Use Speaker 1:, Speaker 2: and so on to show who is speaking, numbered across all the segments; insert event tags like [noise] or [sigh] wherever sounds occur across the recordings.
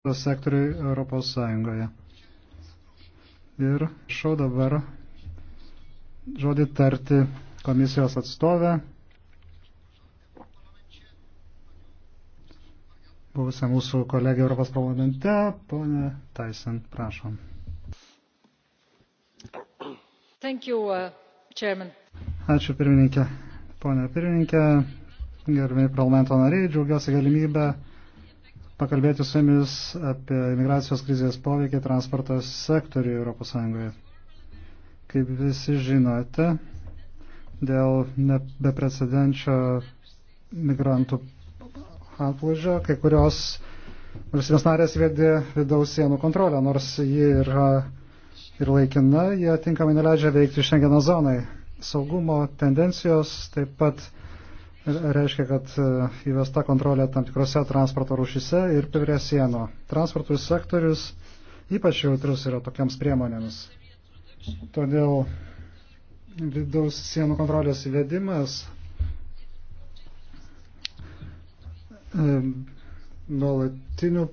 Speaker 1: sektoriui Europos Sąjungoje. Ir šau dabar žodį tarti komisijos atstovę, buvusią mūsų kolegę Europos parlamente, ponę Tyson, prašom.
Speaker 2: Thank you, uh, chairman.
Speaker 1: Ačiū pirmininkė. Pone pirmininkė, gerbėjai parlamento nariai, džiaugiuosi galimybę pakalbėti su jumis apie imigracijos krizės poveikį transporto sektoriui ES. Kaip visi žinote, dėl beprecedenčio migrantų atvažiuo, kai kurios valstybės narės vedė vidaus sienų kontrolę, nors ji yra ir laikina, jie tinkamai neleidžia veikti šengeno zonai. Saugumo tendencijos taip pat reiškia, kad e, įvesta kontrolė tam tikrose transporto rušise ir prie sieno. Transportų sektorius ypač jautrus yra tokiams priemonėms. Todėl vidaus sienų kontrolės įvedimas e, nuolatiniu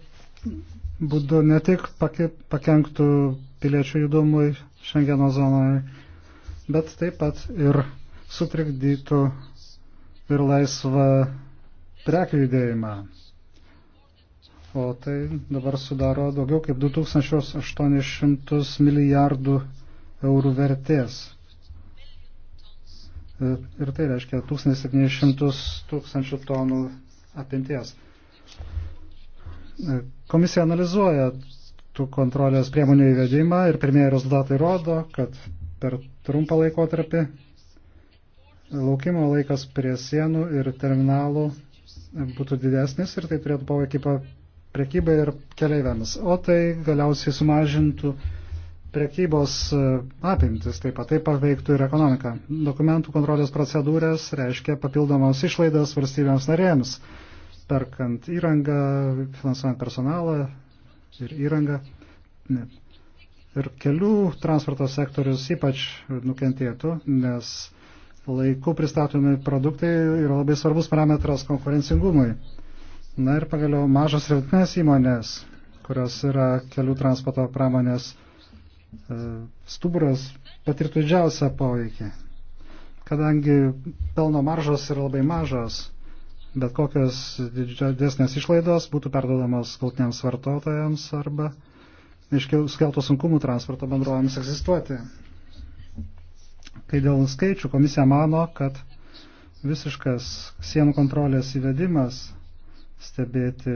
Speaker 1: būdu ne tik pakenktų piliečių judumui Šengeno zonoje, bet taip pat ir sutrikdytų ir laisvą prekių judėjimą. O tai dabar sudaro daugiau kaip 2800 milijardų eurų vertės. Ir tai reiškia 1700 tūkstančių tonų apimties. Komisija analizuoja tų kontrolės priemonių įvedimą ir pirmieji rezultatai rodo, kad per trumpą laikotarpį laukimo laikas prie sienų ir terminalų būtų didesnis ir tai turėtų poveikį prekybai ir keleiviams. O tai galiausiai sumažintų prekybos e, apimtis, taip pat tai paveiktų ir ekonomiką. Dokumentų kontrolės procedūras reiškia papildomos išlaidas valstybėms narėms, perkant įrangą, finansuojant personalą ir įrangą. Ne. Ir kelių transporto sektorius ypač nukentėtų, nes laiku pristatomi produktai yra labai svarbus parametras konkurencingumui. Na ir pagaliau mažos rytinės įmonės, kurios yra kelių transporto pramonės e, stuburas, patirtų didžiausią poveikį. Kadangi pelno maržos yra labai mažos, bet kokios didesnės išlaidos būtų perdodamos galtiniams vartotojams arba iškeltų sunkumų transporto bendrovėms egzistuoti. Kai dėl skaičių komisija mano, kad visiškas sienų kontrolės įvedimas stebėti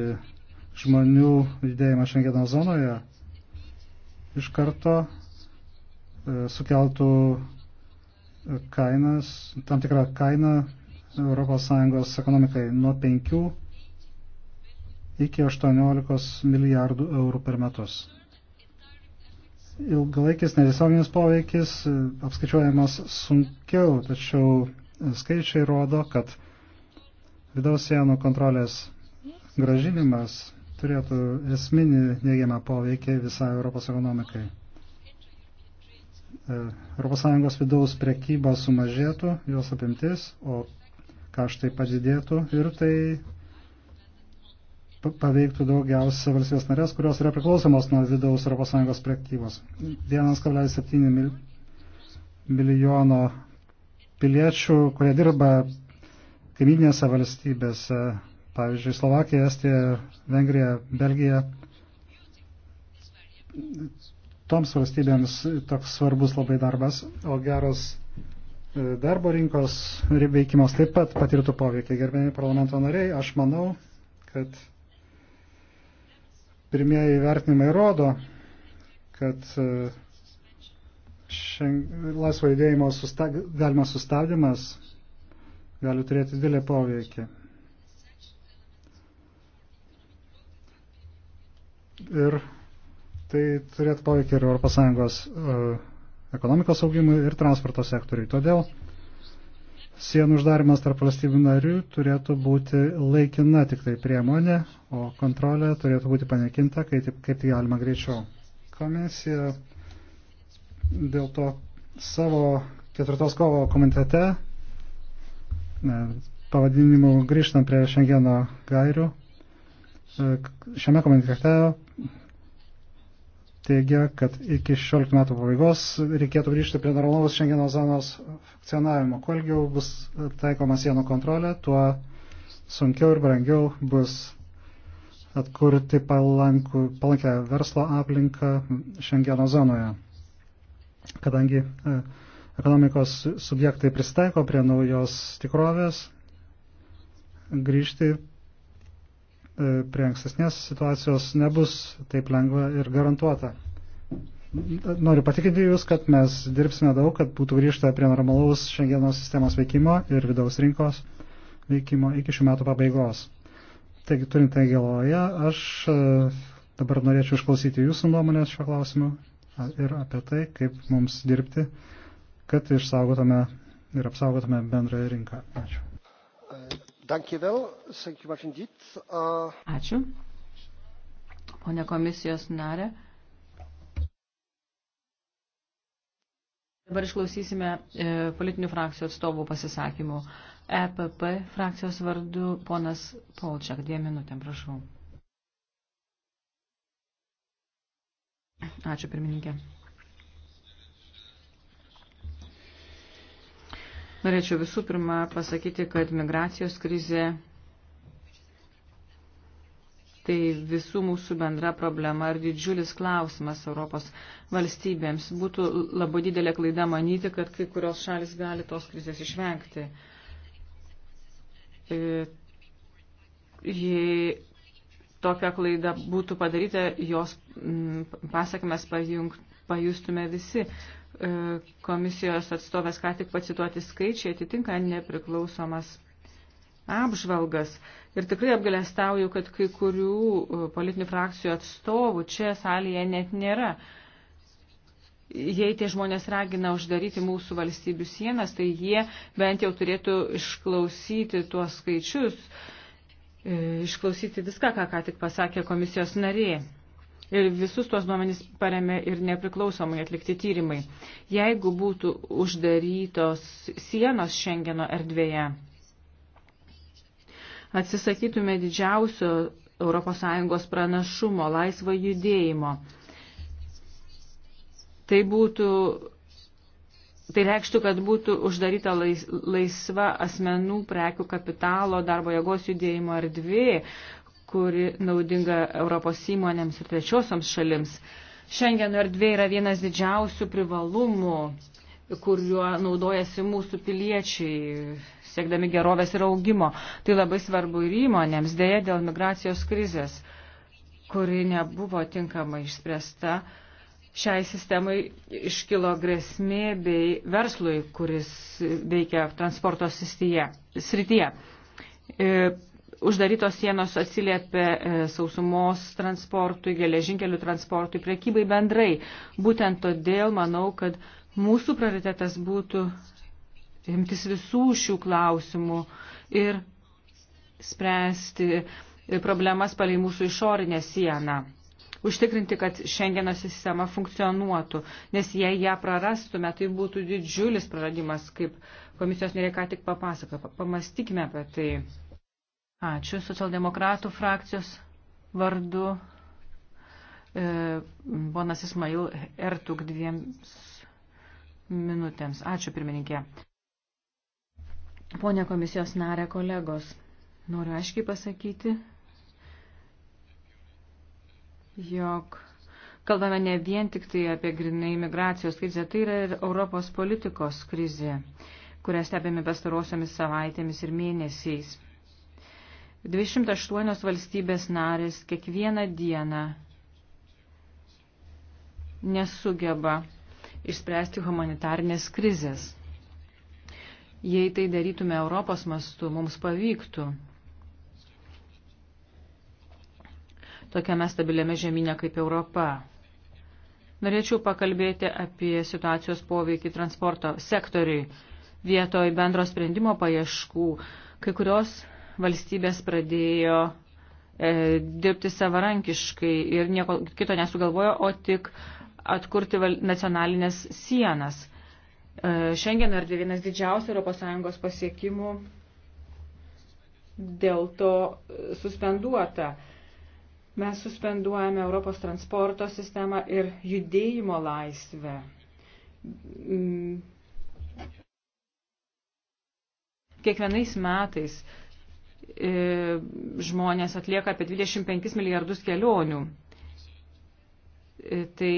Speaker 1: žmonių judėjimą Šengeno zonoje iš karto e, sukeltų kainas, tam tikrą kainą ES ekonomikai nuo 5 iki 18 milijardų eurų per metus. Ilgalaikis netiesioginis poveikis e, apskaičiuojamas sunkiau, tačiau e, skaičiai rodo, kad vidaus sienų kontrolės gražinimas turėtų esminį neigiamą poveikį visai Europos ekonomikai. ES vidaus prekyba sumažėtų, jos apimtis, o kaštai padidėtų ir tai paveiktų daugiausia valstybės narės, kurios yra priklausomos nuo vidaus ES prekybos. 1,7 mil, milijono piliečių, kurie dirba kaiminėse valstybėse, pavyzdžiui, Slovakija, Estija, Vengrija, Belgija. Toms valstybėms toks svarbus labai darbas, o geros e, darbo rinkos veikimas taip pat patirtų poveikį. Gerbėjai parlamento nariai, aš manau, kad Pirmieji vertinimai rodo, kad e, šeng... laisvo judėjimo susta... galimas sustabdymas gali turėti didelį poveikį. Ir tai turėtų poveikį ir ES e, ekonomikos augimui ir transporto sektoriui. Todėl sienų uždarimas tarp valstybių narių turėtų būti laikina tik tai priemonė, o kontrolė turėtų būti panekinta, kai taip, kaip tai galima greičiau. Komisija dėl to savo ketvirtos kovo komitete e, pavadinimu grįžtant prie Šengeno gairių. E, šiame komitete teigia, kad iki 16 metų pabaigos reikėtų grįžti prie normalaus Schengeno zonos funkcionavimo. Kuo ilgiau bus taikoma sienų kontrolė, tuo sunkiau ir brangiau bus atkurti palankų, palankę verslo aplinką Schengeno zonoje. Kadangi e, ekonomikos subjektai pristaiko prie naujos tikrovės, grįžti E, prie ankstesnės situacijos nebus taip lengva ir garantuota. Noriu patikinti Jūs, kad mes dirbsime daug, kad būtų grįžta prie normalaus šiandienos sistemos veikimo ir vidaus rinkos veikimo iki šių metų pabaigos. Taigi, turint tai galvoje, aš e, dabar norėčiau išklausyti Jūsų nuomonės šiuo klausimu ir apie tai, kaip mums dirbti, kad išsaugotume ir apsaugotume bendrąją rinką. Ačiū. Uh, Ačiū.
Speaker 2: Pone komisijos narė. Dabar išklausysime e, politinių frakcijų atstovų pasisakymų. EPP frakcijos vardu ponas Polčiak. Dviem minutėm, prašau. Ačiū, pirmininkė. Norėčiau visų pirma pasakyti, kad migracijos krizė tai visų mūsų bendra problema ir didžiulis klausimas Europos valstybėms. Būtų labai didelė klaida manyti, kad kai kurios šalis gali tos krizės išvengti. E, jei tokia klaida būtų padaryta, jos pasakmes pajustume visi. E, komisijos atstovas ką tik pacituoti skaičiai atitinka nepriklausomas apžvalgas. Ir tikrai apgalėstauju, kad kai kurių e, politinių frakcijų atstovų čia salėje net nėra. Jei tie žmonės ragina uždaryti mūsų valstybių sienas, tai jie bent jau turėtų išklausyti tuos skaičius, e, išklausyti viską, ką ką tik pasakė komisijos narė ir visus tuos duomenys paremė ir nepriklausomai atlikti tyrimai. Jeigu būtų uždarytos sienos Šengeno erdvėje, atsisakytume didžiausio ES pranašumo, laisvo judėjimo. Tai būtų Tai reikštų, kad būtų uždaryta laisva asmenų, prekių, kapitalo, darbo jėgos judėjimo erdvė, kuri naudinga Europos įmonėms ir trečiosioms šalims. Šiandien erdvė yra vienas didžiausių privalumų, kuriuo naudojasi mūsų piliečiai, siekdami gerovės ir augimo. Tai labai svarbu ir įmonėms, dėja dėl migracijos krizės, kuri nebuvo tinkamai išspręsta. Šiai sistemai iškilo grėsmė bei verslui, kuris veikia transporto srityje. E, uždarytos sienos atsiliepia e, sausumos transportui, geležinkelių transportui, priekybai bendrai. Būtent todėl manau, kad mūsų prioritetas būtų imtis visų šių klausimų ir spręsti problemas palei mūsų išorinę sieną. Užtikrinti, kad šengeno sistema funkcionuotų, nes jei ją prarastume, tai būtų didžiulis praradimas, kaip komisijos nereikia tik papasakojo. Pamastykime apie tai. Ačiū socialdemokratų frakcijos vardu. E, Bonas Ismail Ertuk dviems minutėms. Ačiū pirmininkė. Pone komisijos narė kolegos, noriu aiškiai pasakyti, jog kalbame ne vien tik tai apie grinai migracijos krizę, tai yra ir Europos politikos krizė, kurią stebėme pastarosiomis savaitėmis ir mėnesiais. 208 valstybės narės kiekvieną dieną nesugeba išspręsti humanitarnės krizės. Jei tai darytume Europos mastu, mums pavyktų. Tokiame stabiliame žemynė kaip Europa. Norėčiau pakalbėti apie situacijos poveikį transporto sektoriui. Vietoj bendro sprendimo paieškų kai kurios valstybės pradėjo e, dirbti savarankiškai ir nieko kito nesugalvojo, o tik atkurti val, nacionalinės sienas. E, šiandien ar vienas didžiausių ES pasiekimų dėl to e, suspenduota. Mes suspenduojame Europos transporto sistemą ir judėjimo laisvę. Mm. Kiekvienais metais E, žmonės atlieka apie 25 milijardus kelionių. E, tai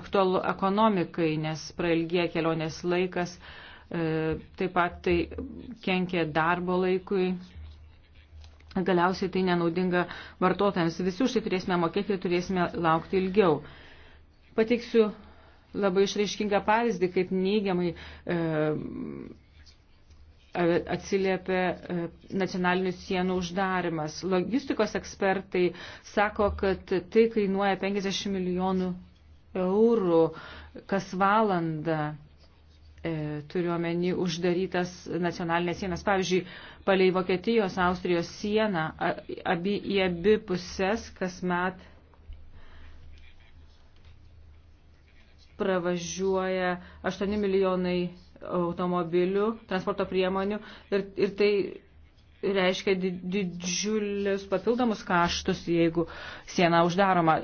Speaker 2: aktualu ekonomikai, nes prailgė kelionės laikas, e, taip pat tai kenkia darbo laikui. Galiausiai tai nenaudinga vartotojams. Visi už tai turėsime mokėti ir turėsime laukti ilgiau. Pateiksiu labai išraiškingą pavyzdį, kaip neigiamai e, atsiliepia nacionalinių sienų uždarimas. Logistikos ekspertai sako, kad tai kainuoja 50 milijonų eurų kas valandą e, turiuomenį uždarytas nacionalinės sienas. Pavyzdžiui, palei Vokietijos, Austrijos sieną abi, į abi pusės kasmet pravažiuoja 8 milijonai automobilių, transporto priemonių ir, ir tai reiškia didžiulius papildomus kaštus, jeigu siena uždaroma.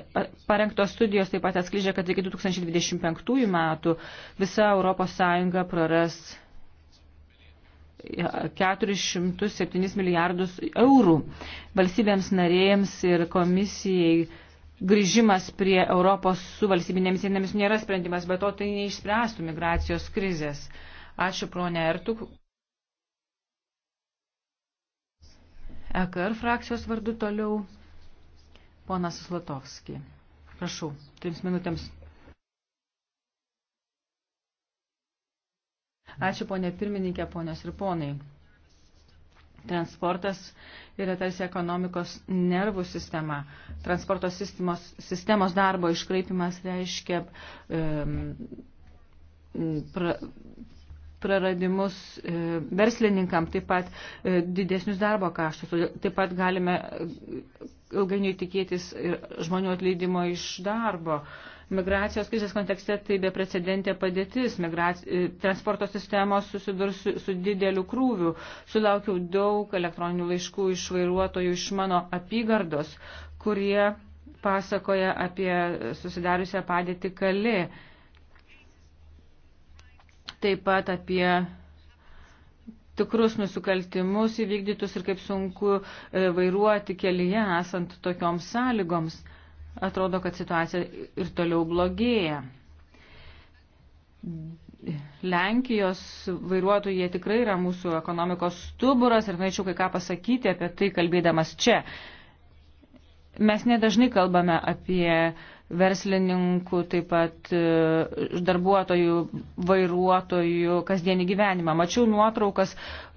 Speaker 2: Parengtos studijos taip pat atskleidžia, kad iki 2025 metų visa ES praras 407 milijardus eurų. Valstybėms narėjams ir komisijai grįžimas prie Europos su valstybinėmis sienomis nėra sprendimas, bet to tai neišspręstų migracijos krizės. Ačiū pronė Ertuk. EKR frakcijos vardu toliau ponas Slatovski. Prašau, trims minutėms. Ačiū ponė pirmininkė, ponios ir ponai. Transportas yra tarsi ekonomikos nervų sistema. Transporto sistemos, sistemos darbo iškraipimas reiškia um, pra, praradimus e, verslininkam, taip pat e, didesnius darbo kaštus. Taip pat galime e, ilgainiui tikėtis žmonių atleidimo iš darbo. Migracijos krizės kontekste tai beprecedentė padėtis. Migrac... E, transporto sistemos susidurs su, su dideliu krūviu. Sulaukiau daug elektroninių laiškų iš vairuotojų iš mano apygardos, kurie pasakoja apie susidariusią padėtį kali. Taip pat apie tikrus nusikaltimus įvykdytus ir kaip sunku e, vairuoti kelyje esant tokioms sąlygoms atrodo, kad situacija ir toliau blogėja. Lenkijos vairuotojai tikrai yra mūsų ekonomikos stuburas ir norėčiau kai ką pasakyti apie tai kalbėdamas čia. Mes nedažnai kalbame apie verslininkų, taip pat e, darbuotojų, vairuotojų kasdienį gyvenimą. Mačiau nuotraukas,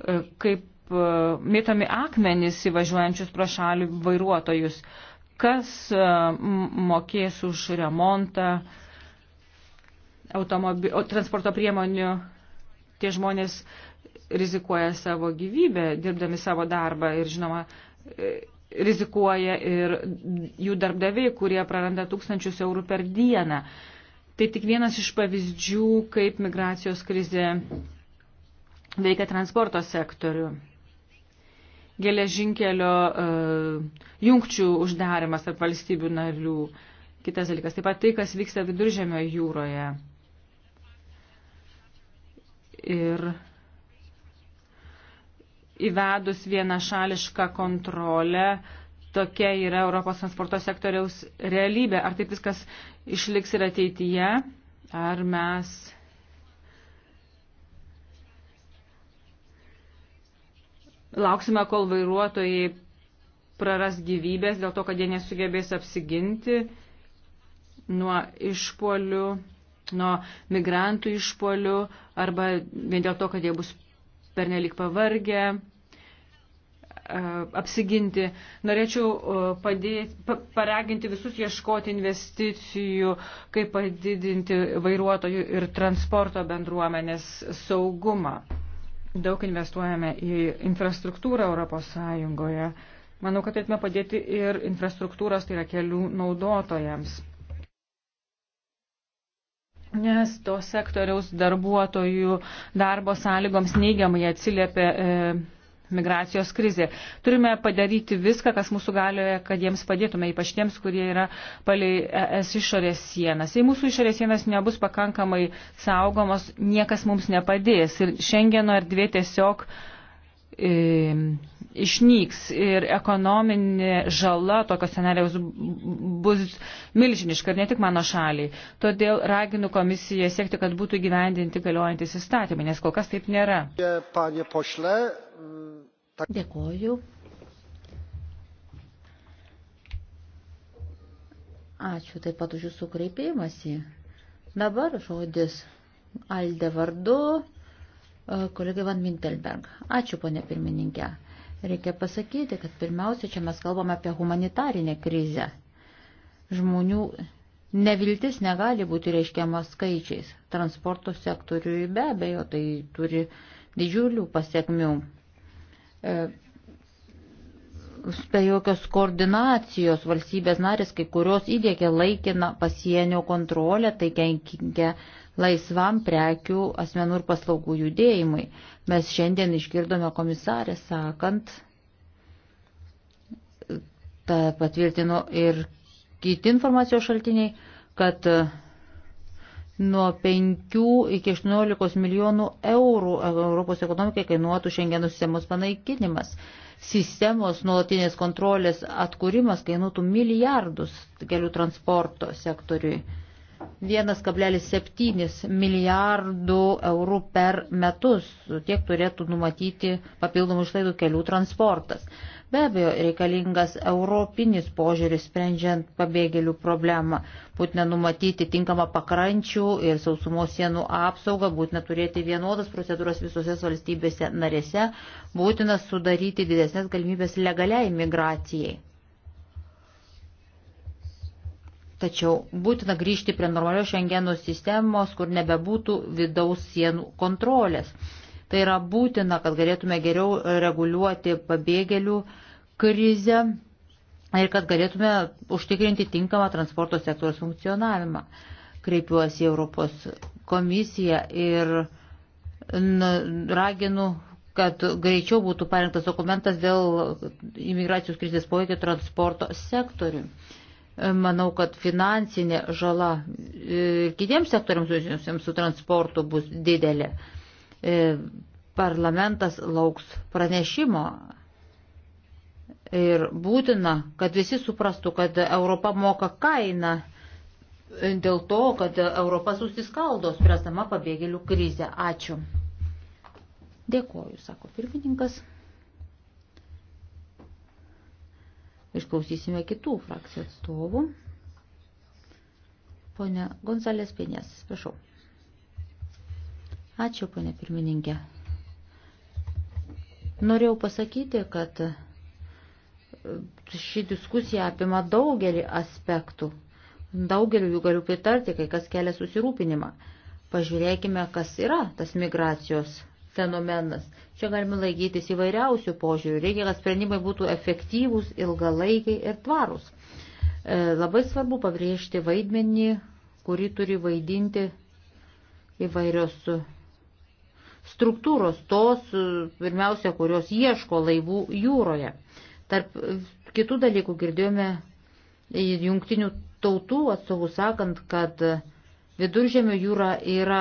Speaker 2: e, kaip e, mėtomi akmenys įvažiuojančius pro šalį vairuotojus kas e, mokės už remontą automobi, transporto priemonių. Tie žmonės rizikuoja savo gyvybę, dirbdami savo darbą ir, žinoma, e, rizikuoja ir jų darbdaviai, kurie praranda tūkstančius eurų per dieną. Tai tik vienas iš pavyzdžių, kaip migracijos krizė veikia transporto sektorių geležinkelio uh, jungčių uždarimas tarp valstybių narių. Kitas dalykas, taip pat tai, kas vyksta viduržėmio jūroje. Ir įvedus vienašališką kontrolę, tokia yra Europos transporto sektoriaus realybė. Ar taip viskas išliks ir ateityje, ar mes Lauksime, kol vairuotojai praras gyvybės dėl to, kad jie nesugebės apsiginti nuo išpolių, nuo migrantų išpolių arba vien dėl to, kad jie bus pernelik pavargę apsiginti. Norėčiau padėti, paraginti visus ieškoti investicijų, kaip padidinti vairuotojų ir transporto bendruomenės saugumą. Daug investuojame į infrastruktūrą Europos Sąjungoje. Manau, kad turėtume padėti ir infrastruktūros, tai yra kelių naudotojams. Nes to sektoriaus darbuotojų darbo sąlygoms neigiamai atsiliepia. E, migracijos krizė. Turime padaryti viską, kas mūsų galioje, kad jiems padėtume, ypač tiems, kurie yra palei es išorės sienas. Jei mūsų išorės sienas nebus pakankamai saugomos, niekas mums nepadės. Ir šiandieno erdvė tiesiog e, išnyks ir ekonominė žala tokio scenarijaus bus milžiniška ir ne tik mano šaliai. Todėl raginu komisiją siekti, kad būtų gyvendinti galiojantis įstatymai, nes kol kas taip nėra.
Speaker 1: Panie pošle,
Speaker 2: Dėkoju.
Speaker 3: Ačiū taip pat už jūsų kreipimąsi. Dabar žodis Alde vardu e, kolega Van Mintelberg. Ačiū, ponė pirmininkė. Reikia pasakyti, kad pirmiausia, čia mes kalbame apie humanitarinę krizę. Žmonių neviltis negali būti reiškiama skaičiais. Transporto sektoriui be abejo tai turi didžiulių pasiekmių. E, be jokios koordinacijos valstybės narės, kai kurios įdėkė laikiną pasienio kontrolę, tai kenkia laisvam prekių, asmenų ir paslaugų judėjimui. Mes šiandien išgirdome komisarę sakant, tą patvirtino ir kiti informacijos šaltiniai, kad nuo 5 iki 18 milijonų eurų Europos ekonomikai kainuotų šiandienų sistemos panaikinimas. Sistemos nuolatinės kontrolės atkūrimas kainuotų milijardus kelių transporto sektoriui. 1,7 milijardų eurų per metus tiek turėtų numatyti papildomų išlaidų kelių transportas. Be abejo, reikalingas europinis požiūris sprendžiant pabėgėlių problemą. Būtina numatyti tinkamą pakrančių ir sausumos sienų apsaugą, būtina turėti vienodas procedūras visose valstybėse narėse, būtina sudaryti didesnės galimybės legaliai migracijai. Tačiau būtina grįžti prie normalios šengeno sistemos, kur nebebūtų vidaus sienų kontrolės. Tai yra būtina, kad galėtume geriau reguliuoti pabėgėlių uh, krizę ir kad galėtume užtikrinti tinkamą transporto sektoriaus funkcionavimą. Kreipiuosi į Europos komisiją ir raginu, kad greičiau būtų parengtas dokumentas dėl imigracijos krizės poveikio transporto sektoriui. Manau, kad finansinė žala e, kitiems sektoriams susijusiems su transportu bus didelė. E, parlamentas lauks pranešimo Ir būtina, kad visi suprastų, kad Europa moka kainą dėl to, kad Europa susiskaldo, spręsdama pabėgėlių krizę. Ačiū. Dėkoju, sako pirmininkas. Išklausysime kitų frakcijų atstovų. Pone Gonzalės Pienės, prašau. Ačiū, pone pirmininkė. Norėjau pasakyti, kad ši diskusija apima daugelį aspektų. Daugeliu jų galiu pritarti, kai kas kelia susirūpinimą. Pažiūrėkime, kas yra tas migracijos fenomenas. Čia galime laikytis įvairiausių požiūrių. Reikia, kad sprendimai būtų efektyvūs, ilgalaikiai ir tvarūs. E, labai svarbu pabrėžti vaidmenį, kurį turi vaidinti įvairios struktūros, tos e, pirmiausia, kurios ieško laivų jūroje. Tarp kitų dalykų girdėjome jungtinių tautų atstovų sakant, kad viduržėmio jūra yra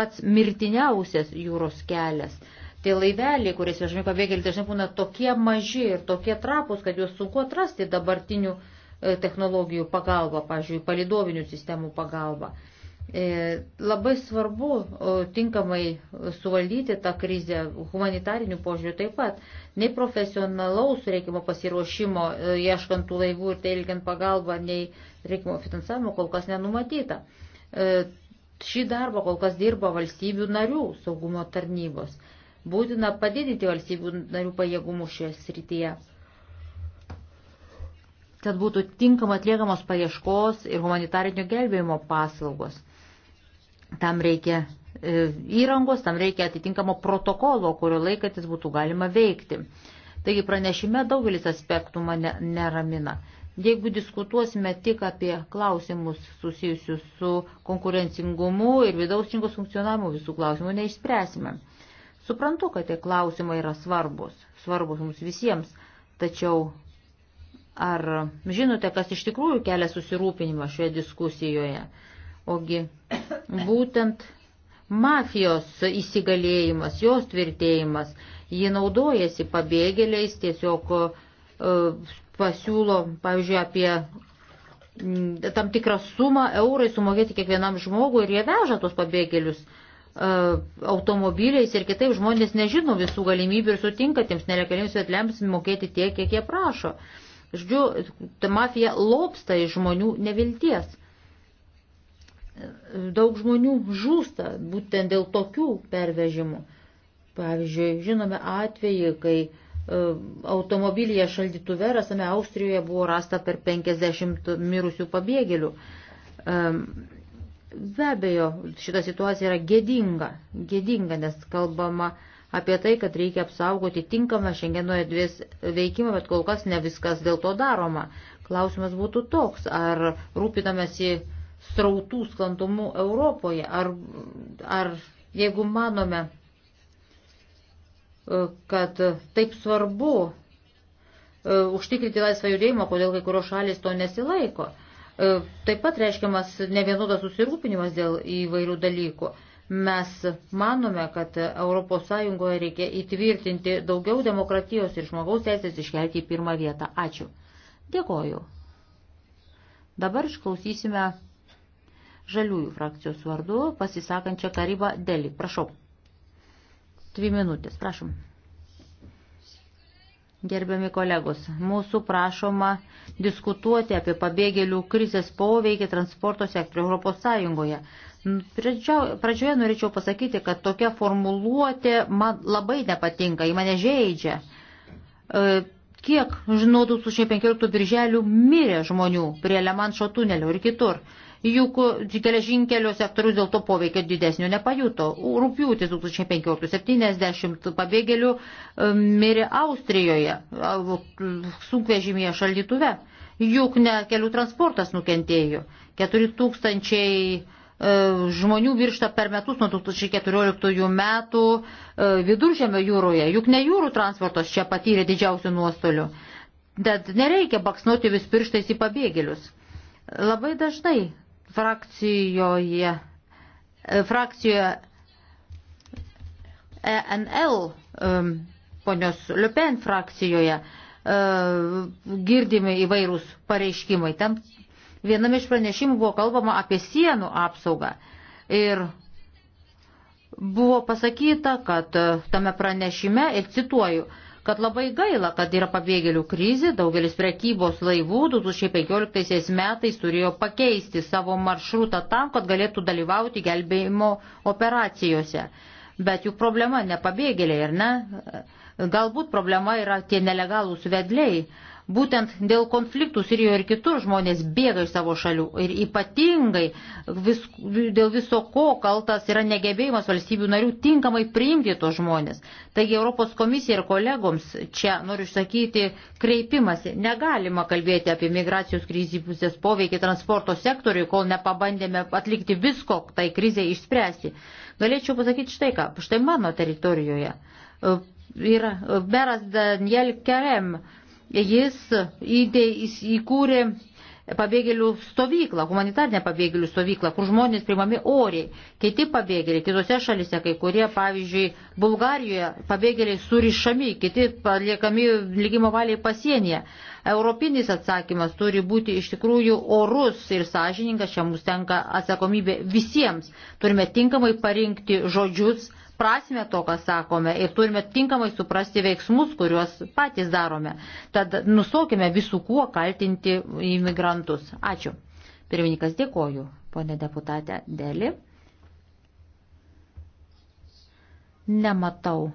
Speaker 3: pats mirtiniausias jūros kelias. Tie laiveliai, kuriais vežami pabėgėliai, dažnai būna tokie maži ir tokie trapus, kad juos sunku atrasti dabartinių e, technologijų pagalba, pavyzdžiui, palidovinių sistemų pagalba. E, labai svarbu tinkamai suvaldyti tą krizę humanitarinių požiūrių taip pat, nei profesionalaus reikimo pasiruošimo, e, ieškant tų laivų ir teikiant pagalbą, nei reikimo finansavimo kol kas nenumatyta. E, šį darbą kol kas dirba valstybių narių saugumo tarnybos. Būtina padidinti valstybių narių pajėgumų šioje srityje kad būtų tinkama atliekamos paieškos ir humanitarinio gelbėjimo paslaugos. Tam reikia e, įrangos, tam reikia atitinkamo protokolo, kurio laikantis būtų galima veikti. Taigi pranešime daugelis aspektų mane neramina. Jeigu diskutuosime tik apie klausimus susijusius su konkurencingumu ir vidaus rinkos funkcionavimu, visų klausimų neišspręsime. Suprantu, kad tie klausimai yra svarbus, svarbus mums visiems, tačiau ar žinote, kas iš tikrųjų kelia susirūpinimą šioje diskusijoje? Ogi būtent mafijos įsigalėjimas, jos tvirtėjimas, ji naudojasi pabėgėliais, tiesiog e, pasiūlo, pavyzdžiui, apie mm, tam tikrą sumą eurai sumokėti kiekvienam žmogui ir jie veža tos pabėgėlius e, automobiliais ir kitaip žmonės nežino visų galimybių ir sutinka tiems nereikaliems svetliams mokėti tiek, kiek jie prašo. Žodžiu, ta mafija lopsta iš žmonių nevilties daug žmonių žūsta būtent dėl tokių pervežimų. Pavyzdžiui, žinome atvejį, kai e, automobilyje šaldytuve rasame Austrijoje buvo rasta per 50 mirusių pabėgėlių. E, be abejo, šita situacija yra gėdinga, gėdinga, nes kalbama apie tai, kad reikia apsaugoti tinkamą šengeno erdvės veikimą, bet kol kas ne viskas dėl to daroma. Klausimas būtų toks, ar rūpinamasi į srautų sklandumu Europoje, ar, ar jeigu manome, e, kad taip svarbu e, užtikrinti laisvą judėjimą, kodėl kai kurios šalis to nesilaiko. E, taip pat reiškiamas ne vienodas susirūpinimas dėl įvairių dalykų. Mes manome, kad ES reikia įtvirtinti daugiau demokratijos ir žmogaus teisės iškelti į pirmą vietą. Ačiū. Dėkoju. Dabar išklausysime žaliųjų frakcijos vardu pasisakančią Karibą Delį. Prašau. Dvi minutės, prašom. Gerbiami kolegos, mūsų prašoma diskutuoti apie pabėgėlių krizės poveikį transporto sektorių Europos Sąjungoje. Pradžioje norėčiau pasakyti, kad tokia formuluotė man labai nepatinka, į mane žaidžia. E, kiek, žinau, 2015 birželių mirė žmonių prie Lemanšo tunelio ir kitur juk geležinkelio sektorius dėl to poveikio didesnio nepajuto. Rūpjūtis 2015 70 pabėgėlių e, mirė Austrijoje, e, sunkvežimėje šaldytuve. Juk ne kelių transportas nukentėjo. 4000 e, žmonių miršta per metus nuo 2014 metų viduržėmio jūroje. Juk ne jūrų transportas čia patyrė didžiausių nuostolių. Tad nereikia baksnuoti vis pirštais į pabėgėlius. Labai dažnai frakcijoje, e, frakcijoje ENL, e, ponios Liupen frakcijoje, e, girdimi įvairūs pareiškimai. Ten viename iš pranešimų buvo kalbama apie sienų apsaugą. Ir buvo pasakyta, kad tame pranešime, ir cituoju, kad labai gaila, kad yra pabėgėlių krizė, daugelis prekybos laivų 2015 metais turėjo pakeisti savo maršrutą tam, kad galėtų dalyvauti gelbėjimo operacijose. Bet juk problema ne pabėgėliai, ar ne? Galbūt problema yra tie nelegalūs vedliai. Būtent dėl konfliktų Sirijoje ir kitur žmonės bėga iš savo šalių ir ypatingai vis, dėl viso ko kaltas yra negebėjimas valstybių narių tinkamai priimti tos žmonės. Taigi Europos komisija ir kolegoms čia noriu išsakyti kreipimasi. Negalima kalbėti apie migracijos krizybusės poveikį transporto sektoriui, kol nepabandėme atlikti visko tai krizai išspręsti. Galėčiau pasakyti štai ką, štai mano teritorijoje. E, yra e, meras Daniel Kerem Jis įkūrė pabėgėlių stovyklą, humanitarnę pabėgėlių stovyklą, kur žmonės primami oriai. Kiti pabėgėliai, kitose šalise, kai kurie, pavyzdžiui, Bulgarijoje pabėgėliai surišami, kiti paliekami lygimo valiai pasienyje. Europinis atsakymas turi būti iš tikrųjų orus ir sąžininkas, čia mums tenka atsakomybė visiems. Turime tinkamai parinkti žodžius prasme to, ką sakome ir turime tinkamai suprasti veiksmus, kuriuos patys darome. Tad nustokime visų kuo kaltinti imigrantus. Ačiū. Pirmininkas dėkoju, ponė deputatė Deli. Nematau.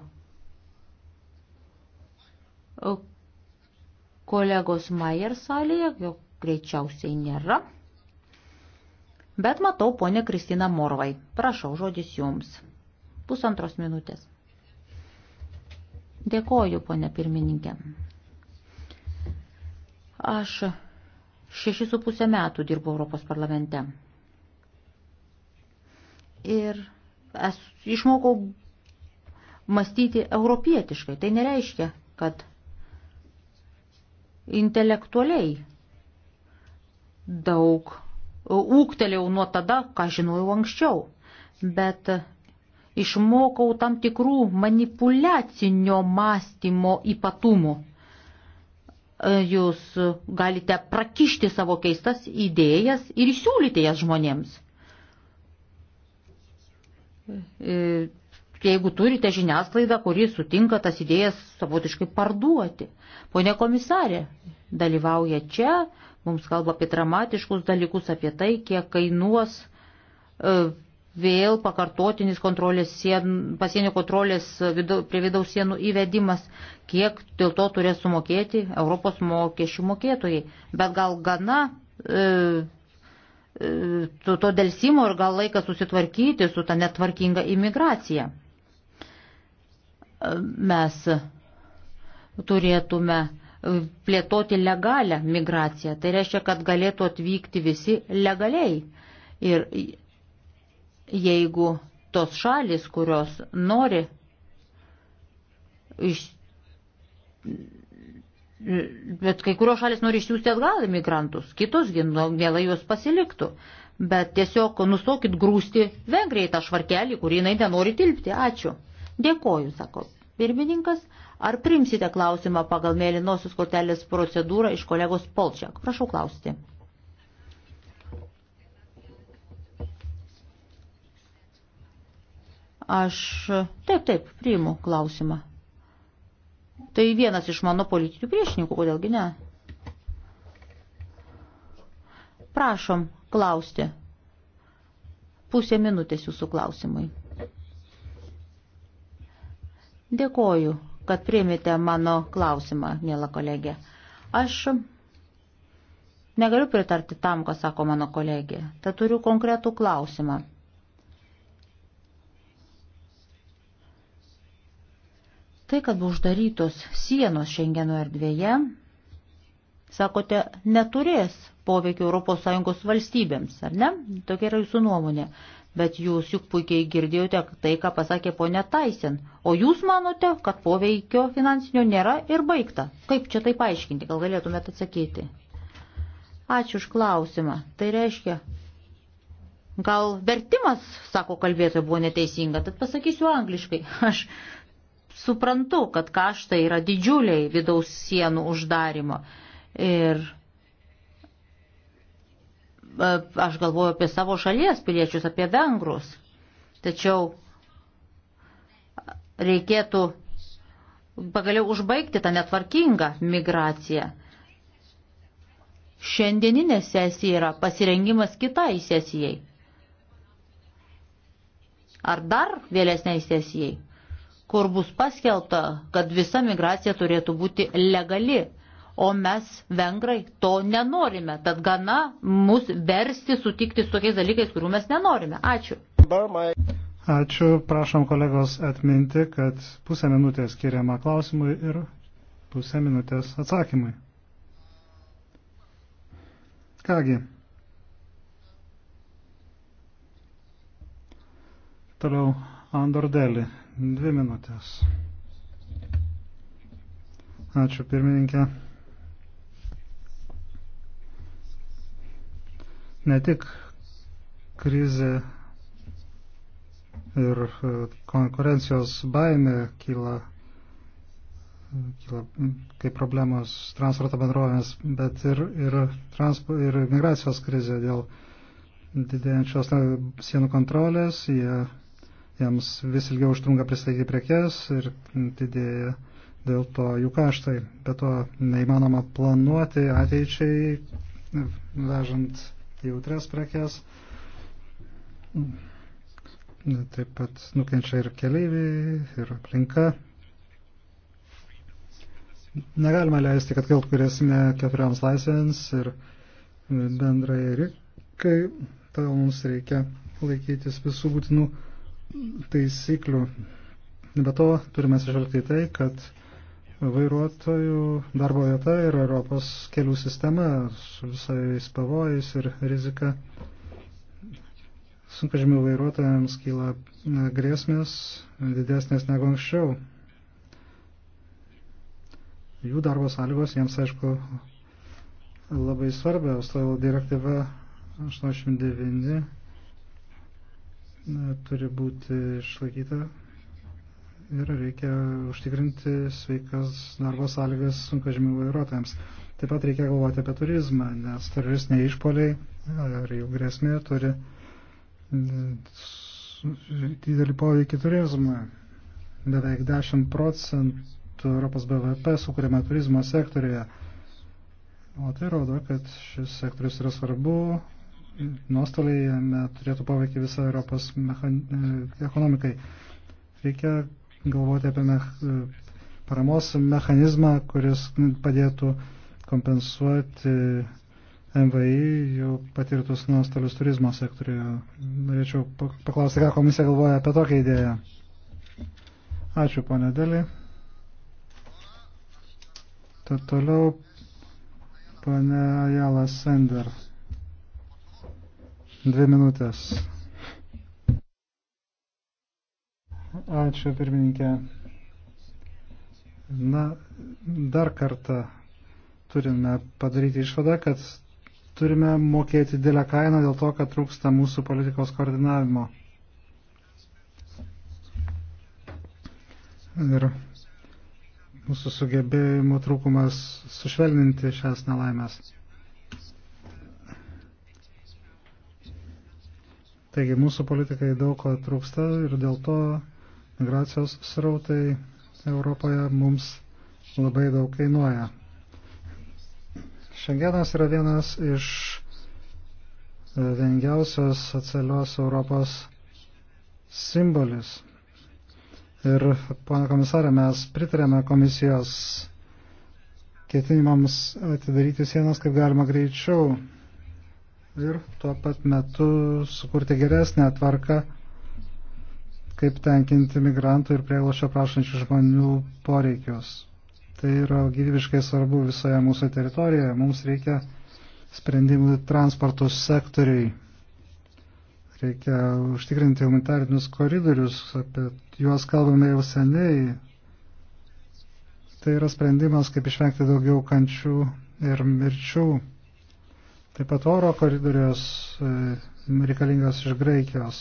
Speaker 3: Kolegos Maier salėje, jo greičiausiai nėra. Bet matau ponę Kristiną Morvai. Prašau, žodis jums. Pusantros minutės. Dėkoju, ponė pirmininkė. Aš šešis su pusę metų dirbu Europos parlamente. Ir aš išmokau mąstyti europietiškai. Tai nereiškia, kad intelektualiai daug ūktelėjau nuo tada, ką žinojau anksčiau. Bet išmokau tam tikrų manipulacinio mąstymo ypatumų. E, jūs galite prakišti savo keistas idėjas ir siūlyti jas žmonėms. E, jeigu turite žiniasklaidą, kuri sutinka tas idėjas savotiškai parduoti. Pone komisarė dalyvauja čia, mums kalba apie dramatiškus dalykus, apie tai, kiek kainuos e, vėl pakartotinis kontrolės sien, pasienio kontrolės vidau, prie vidaus sienų įvedimas, kiek dėl to turės sumokėti Europos mokesčių mokėtojai. Bet gal gana e, e, to, to dėlsimo ir gal laikas susitvarkyti su ta netvarkinga imigracija. E, mes turėtume plėtoti legalią migraciją. Tai reiškia, kad galėtų atvykti visi legaliai. Ir jeigu tos šalis, kurios nori iš. Bet kai kurios šalis nori išsiųsti atgal imigrantus, kitos nu, mielai juos pasiliktų. Bet tiesiog nustokit grūsti vengriai tą švarkelį, kurį jinai nenori tilpti. Ačiū. Dėkoju, sako pirmininkas. Ar primsite klausimą pagal mėlynosios kortelės procedūrą iš kolegos Polčiak? Prašau klausti. Aš taip, taip, priimu klausimą. Tai vienas iš mano politinių priešininkų, kodėlgi ne? Prašom klausti. Pusė minutės jūsų klausimui. Dėkoju, kad priimėte mano klausimą, mėla kolegė. Aš negaliu pritarti tam, ką sako mano kolegė. Tad turiu konkretų klausimą. Tai, kad buvo uždarytos sienos Šengeno erdvėje, sakote, neturės poveikio ES valstybėms, ar ne? Tokia yra jūsų nuomonė. Bet jūs juk puikiai girdėjote tai, ką pasakė ponia Taisen. O jūs manote, kad poveikio finansinio nėra ir baigta. Kaip čia tai paaiškinti, gal galėtumėte atsakyti? Ačiū už klausimą. Tai reiškia, gal vertimas, sako kalbėtoja, buvo neteisinga, tad pasakysiu angliškai. [laughs] Aš Suprantu, kad kaštai yra didžiuliai vidaus sienų uždarimo. Ir e, aš galvoju apie savo šalies piliečius, apie vengrus. Tačiau reikėtų pagaliau užbaigti tą netvarkingą migraciją. Šiandieninė sesija yra pasirengimas kitai sesijai. Ar dar vėlesniai sesijai kur bus paskelbta, kad visa migracija turėtų būti legali. O mes, vengrai, to nenorime. Tad gana mus versti sutikti su tokiais dalykais, kurių mes nenorime. Ačiū.
Speaker 1: Ačiū. Prašom kolegos atminti, kad pusę minutės skiriama klausimui ir pusę minutės atsakymui. Kągi. Toliau Andordelį. Dvi minutės. Ačiū pirmininkė. Ne tik krizė ir e, konkurencijos baime kyla, kyla kaip problemos transporto bendrovės, bet ir, ir, transpo, ir migracijos krizė dėl didėjančios sienų kontrolės. Jie jiems vis ilgiau užtrunka pristatyti prekes ir didėja dėl to jų kaštai. Be to neįmanoma planuoti ateičiai, vežant jautres prekes. Taip pat nukenčia ir keleiviai, ir aplinka. Negalima leisti, kad vėl turėsime keturioms laisvėms ir bendrai rinkai. Tai mums reikia laikytis visų būtinų taisyklių. Be to turime sižvelgti tai, kad vairuotojų darbo vieta ir Europos kelių sistema su visais pavojais ir rizika. Sunkvežimių vairuotojams kyla grėsmės didesnės negu anksčiau. Jų darbo sąlygos jiems, aišku, labai svarbios, todėl direktyva 89 turi būti išlaikyta ir reikia užtikrinti sveikas darbo sąlygas sunkvežimių vairuotojams. Taip pat reikia galvoti apie turizmą, nes teroristiniai išpoliai ar jų grėsmė turi didelį poveikį turizmą. Beveik 10 procentų Europos BVP sukūrėme turizmo sektorėje. O tai rodo, kad šis sektorius yra svarbu nuostoliai jame turėtų poveikį visą Europos mechan... E, ekonomikai. Reikia galvoti apie mech... E, paramos mechanizmą, kuris padėtų kompensuoti MVI jau patirtus nuostolius turizmo sektoriuje. Norėčiau paklausti, ką komisija galvoja apie tokią idėją. Ačiū, ponė Deli. Tad toliau, ponė Ajala Sender. Dvi minutės. Ačiū, pirmininkė. Na, dar kartą turime padaryti išvadą, kad turime mokėti didelę kainą dėl to, kad trūksta mūsų politikos koordinavimo. Ir mūsų sugebėjimo trūkumas sušvelninti šias nelaimės. Taigi mūsų politikai daug ko trūksta ir dėl to migracijos srautai Europoje mums labai daug kainuoja. Šengenas yra vienas iš e, vengiausios socialios Europos simbolis. Ir, pana komisarė, mes pritarėme komisijos ketinimams atidaryti sienas kaip galima greičiau ir tuo pat metu sukurti geresnę tvarką, kaip tenkinti migrantų ir prieglošio prašančių žmonių poreikius. Tai yra gyvybiškai svarbu visoje mūsų teritorijoje. Mums reikia sprendimų transporto sektoriai. Reikia užtikrinti humanitarinius koridorius, apie juos kalbame jau seniai. Tai yra sprendimas, kaip išvengti daugiau kančių ir mirčių. Taip pat oro koridorius e, reikalingas iš Graikijos.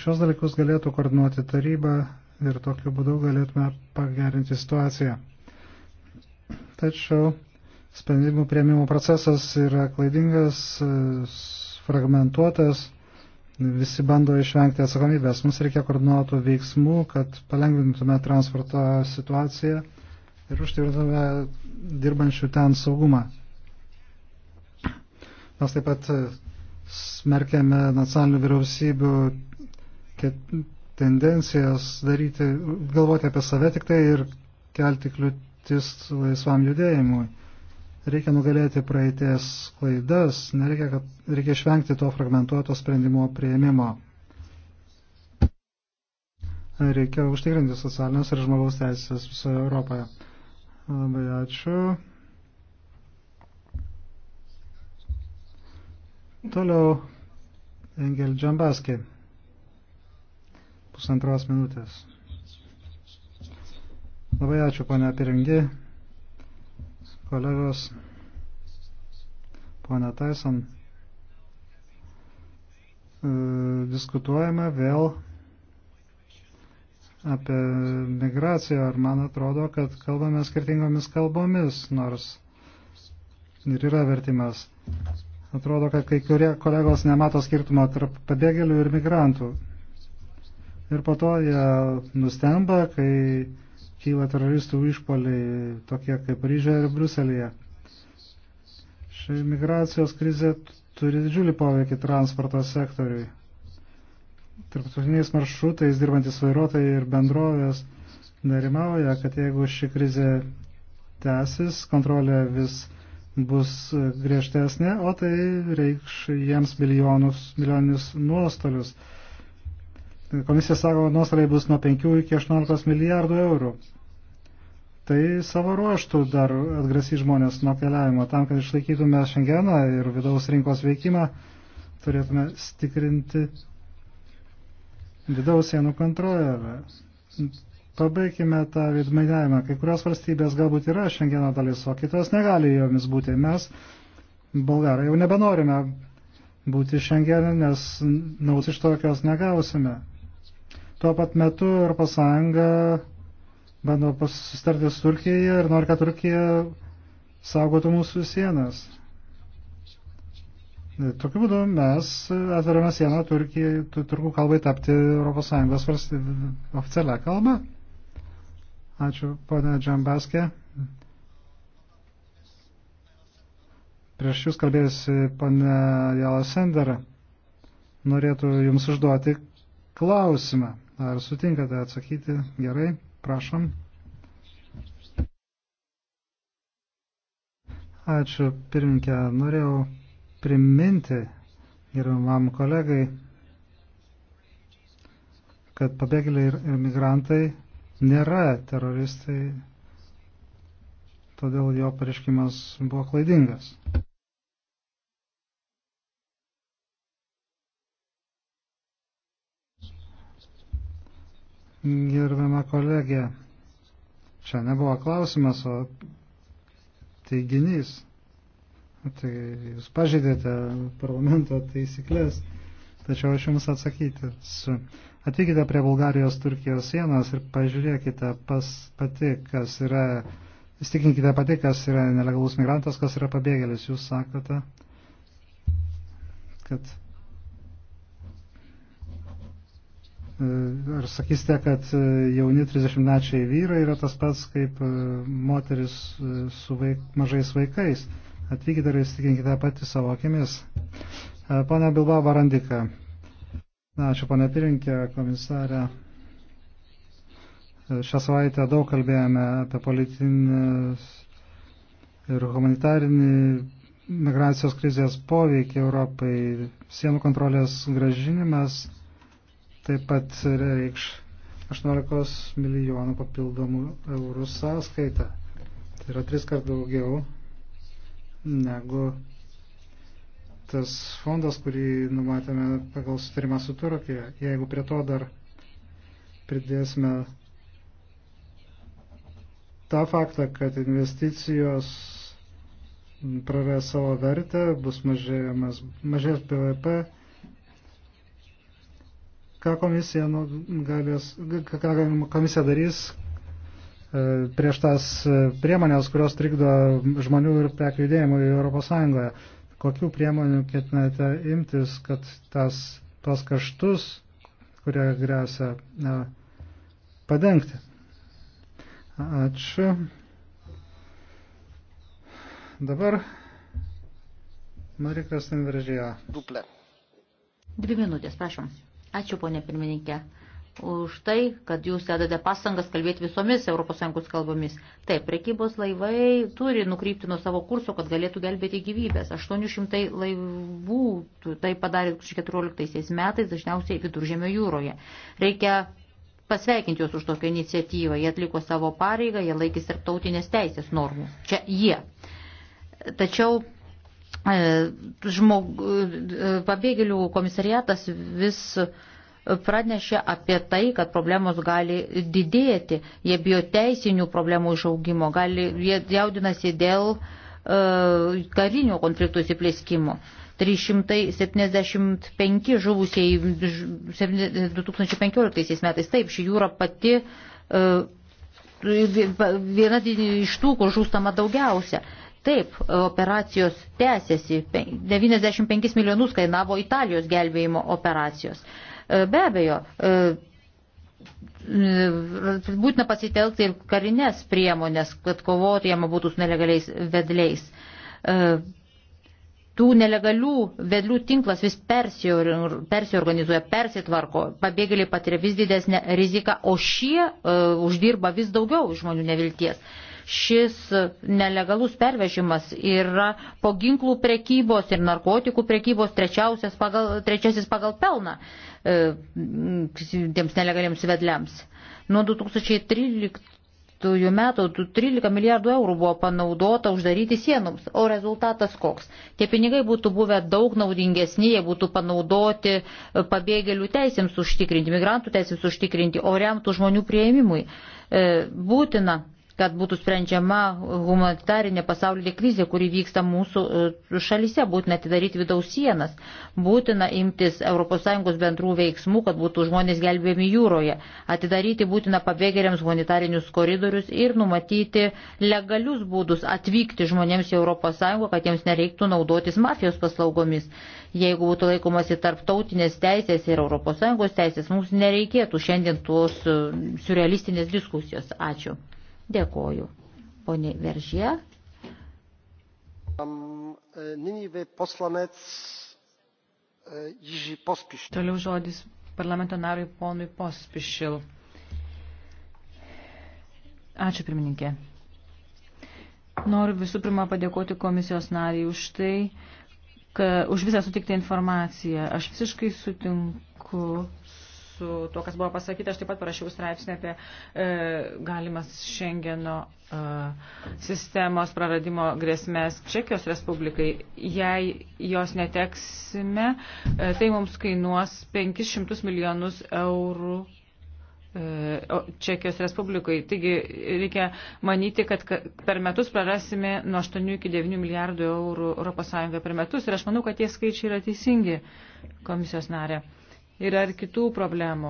Speaker 1: Šios dalykus galėtų koordinuoti taryba ir tokiu būdu galėtume pagerinti situaciją. Tačiau sprendimų prieimimo procesas yra klaidingas, e, fragmentuotas, visi bando išvengti atsakomybės. Mums reikia koordinuotų veiksmų, kad palengvintume transporto situaciją ir užtikrintume dirbančių ten saugumą. Mes taip pat e, smerkėme nacionalinių vyriausybių tendencijas daryti, galvoti apie save tik tai ir kelti kliūtis laisvam judėjimui. Reikia nugalėti praeities klaidas, nereikia, kad reikia išvengti to fragmentuoto sprendimo prieimimo. Reikia užtikrinti socialinės ir žmogaus teisės visoje Europoje. Labai ačiū. Toliau Engel Džambaskė. Pusantros minutės. Labai ačiū, ponia Piringi, kolegos, ponia Tyson. E, diskutuojame vėl apie migraciją ir man atrodo, kad kalbame skirtingomis kalbomis, nors ir yra vertimas. Atrodo, kad kai kurie kolegos nemato skirtumo tarp pabėgėlių ir migrantų. Ir po to jie nustemba, kai kyla teroristų išpoliai tokie kaip Paryžioje ir Bruselėje. Ši migracijos krizė turi didžiulį poveikį transporto sektoriui. Tarptautiniais maršrutais dirbantis vairuotojai ir bendrovės nerimauja, kad jeigu ši krizė tęsis, kontrolė vis bus griežtesnė, o tai reikš jiems milijonus, milijoninius nuostolius. Komisija sako, nuostoliai bus nuo 5 iki 18 milijardų eurų. Tai savo ruoštų dar atgrasys žmonės nuo keliavimo. Tam, kad išlaikytume šengeną ir vidaus rinkos veikimą, turėtume stikrinti vidaus sienų kontrolę. Pabaikime tą vidmaidavimą. Kai kurios valstybės galbūt yra šengeno dalis, o kitos negali jomis būti. Mes, bulgarai, jau nebenorime būti šengene, nes naus iš tokios negausime. Tuo pat metu ES bando susitarti su Turkija ir nori, kad Turkija saugotų mūsų sienas. Tokiu būdu mes atveriame sieną Turkijai, turkų kalbai tapti ES oficialią kalbą. Ačiū, ponia Džambaskė. Prieš jūs kalbėjusi ponia Jala Sender norėtų jums užduoti klausimą. Ar sutinkate atsakyti? Gerai, prašom. Ačiū, pirminkė. Norėjau priminti gerbiamam kolegai, kad pabėgėliai ir migrantai nėra teroristai, todėl jo pareiškimas buvo klaidingas. Gerbiama kolegė, čia nebuvo klausimas, o teiginys. Tai jūs pažeidėte parlamento taisyklės, tačiau aš jums atsakyti. Su. Atvykite prie Bulgarijos-Turkijos sienos ir pažiūrėkite pas pati, kas yra, įstikinkite pati, kas yra nelegalus migrantas, kas yra pabėgėlis. Jūs sakote, kad e, Ar sakysite, kad e, jauni 30-mečiai vyrai yra tas pats kaip e, moteris su vaik, mažais vaikais? Atvykite ir įstikinkite pati savo akimis. Pone Bilbao Barandika, Ačiū, pane pirinkė, komisarė. Šią savaitę daug kalbėjome apie politinį ir humanitarinį migracijos krizės poveikį Europai. Sienų kontrolės gražinimas taip pat reikš 18 milijonų papildomų eurų sąskaitą. Tai yra tris kart daugiau negu tas fondas, kurį numatėme pagal sutarimą su Turkija, jeigu prie to dar pridėsime tą faktą, kad investicijos praras savo vertę, bus mažėjamas, mažės BVP, ką komisija, nu, galės, ką komisija darys e, prieš tas priemonės, kurios trikdo žmonių ir prekių judėjimų į Europos Sąjungoje. Kokių priemonių ketinate imtis, kad tas, tos kaštus, kurie grėsia, padengti? Ačiū. Dabar Marikas Inveržija. Duple.
Speaker 3: Dvi minutės, prašom. Ačiū, ponė pirmininkė už tai, kad jūs dedate pastangas kalbėti visomis ES kalbomis. Taip, prekybos laivai turi nukrypti nuo savo kurso, kad galėtų gelbėti gyvybės. 800 laivų tai padarė 2014 metais, dažniausiai viduržėmio jūroje. Reikia pasveikinti juos už tokią iniciatyvą. Jie atliko savo pareigą, jie laikys tarptautinės teisės normų. Čia jie. Tačiau e, žmog, e, pabėgėlių komisariatas vis e, pranešė apie tai, kad problemos gali didėti, jie bijo teisinių problemų išaugimo, gali, jie jaudinasi dėl e, karinių konfliktų įsiplėskimo. 375 žuvusiai 2015 metais. Taip, ši jūra pati e, viena iš tų, kur žūstama daugiausia. Taip, operacijos tęsiasi. 95 milijonus kainavo Italijos gelbėjimo operacijos. E, E, be abejo, e, e, būtina pasitelkti ir karinės priemonės, kad kovoti jam būtų su nelegaliais vedliais. Tų nelegalių vedlių tinklas vis persiorganizuoja, persitvarko, pabėgėliai patiria vis didesnę riziką, o šie uh, uždirba vis daugiau žmonių nevilties. Uh, Šis nelegalus pervežimas yra po ginklų prekybos ir narkotikų prekybos pagal, trečiasis pagal pelną e, tiems nelegaliems vedliams. Nuo 2013 2013 metų 13 milijardų eurų buvo panaudota uždaryti sienoms, o rezultatas koks? Tie pinigai būtų buvę daug naudingesni, jie būtų panaudoti e, pabėgėlių teisėms užtikrinti, migrantų teisėms užtikrinti, oriam tų žmonių prieimimui. E, būtina kad būtų sprendžiama humanitarinė pasaulyje krizė, kuri vyksta mūsų e, šalyse. Būtina atidaryti vidaus sienas, būtina imtis ES bendrų veiksmų, kad būtų žmonės gelbėjami jūroje, atidaryti būtina pabėgėliams humanitarinius koridorius ir numatyti legalius būdus atvykti žmonėms į ES, kad jiems nereiktų naudotis mafijos paslaugomis. Jeigu būtų laikomasi tarptautinės teisės ir ES teisės, mums nereikėtų šiandien tuos e, surrealistinės diskusijos. Ačiū. Dėkoju.
Speaker 1: Pone Veržė. E, e,
Speaker 2: Toliau žodis parlamento nariui ponui Pospišil. Ačiū pirmininkė. Noriu visų pirma padėkoti komisijos nariai už tai, ka, už visą sutiktą informaciją. Aš visiškai sutinku su tuo, kas buvo pasakyta. Aš taip pat parašiau straipsnį apie e, galimas Šengeno e, sistemos praradimo grėsmės Čekijos Respublikai. Jei jos neteksime, e, tai mums kainuos 500 milijonus eurų. E, Čekijos Respublikai. Taigi reikia manyti, kad per metus prarasime nuo 8 iki 9 milijardų eurų ES per metus ir aš manau, kad tie skaičiai yra teisingi komisijos narė. Yra ir kitų problemų.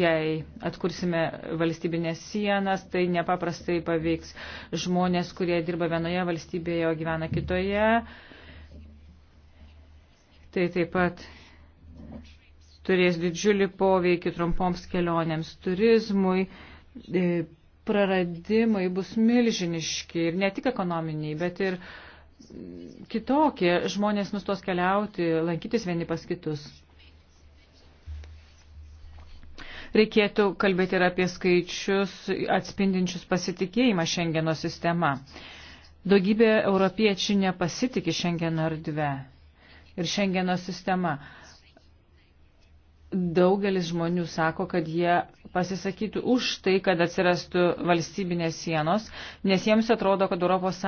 Speaker 2: Jei atkursime valstybinės sienas, tai nepaprastai paveiks žmonės, kurie dirba vienoje valstybėje, o gyvena kitoje. Tai taip pat turės didžiulį poveikį trumpoms kelionėms, turizmui, e, praradimai bus milžiniški ir ne tik ekonominiai, bet ir kitokie. Žmonės nustos keliauti, lankytis vieni pas kitus. reikėtų kalbėti ir apie skaičius atspindinčius pasitikėjimą Šengeno sistema. Daugybė europiečių nepasitikė Šengeno erdve ir Šengeno sistema. Daugelis žmonių sako, kad jie pasisakytų už tai, kad atsirastų valstybinės sienos, nes jiems atrodo, kad ES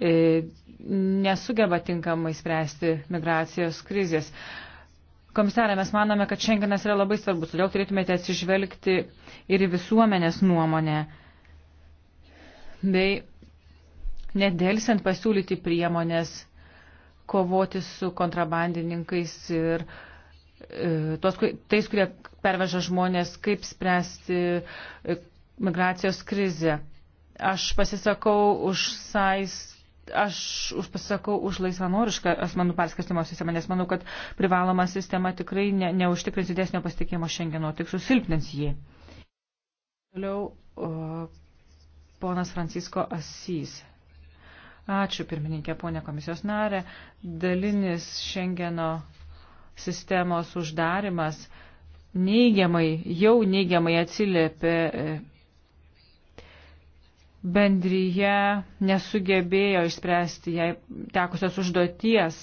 Speaker 2: e, nesugeba tinkamai spręsti migracijos krizės. Komisarė, mes manome, kad šiandienas yra labai svarbus, todėl turėtumėte atsižvelgti ir į visuomenės nuomonę, bei nedėlsiant pasiūlyti priemonės kovoti su kontrabandininkais ir e, tos, tais, kurie perveža žmonės, kaip spręsti e, migracijos krizę. Aš pasisakau už SAIS aš pasisakau už laisvanorišką asmenų perskirstimo sistemą, nes manau, kad privaloma sistema tikrai ne, neužtikrins didesnio pasitikėjimo šiandieno, tik susilpnins jį. Toliau o, ponas Francisko Asys. Ačiū pirmininkė, ponė komisijos narė. Dalinis šiandieno sistemos uždarimas neigiamai, jau neigiamai atsiliepė e, bendryje nesugebėjo išspręsti jai tekusios užduoties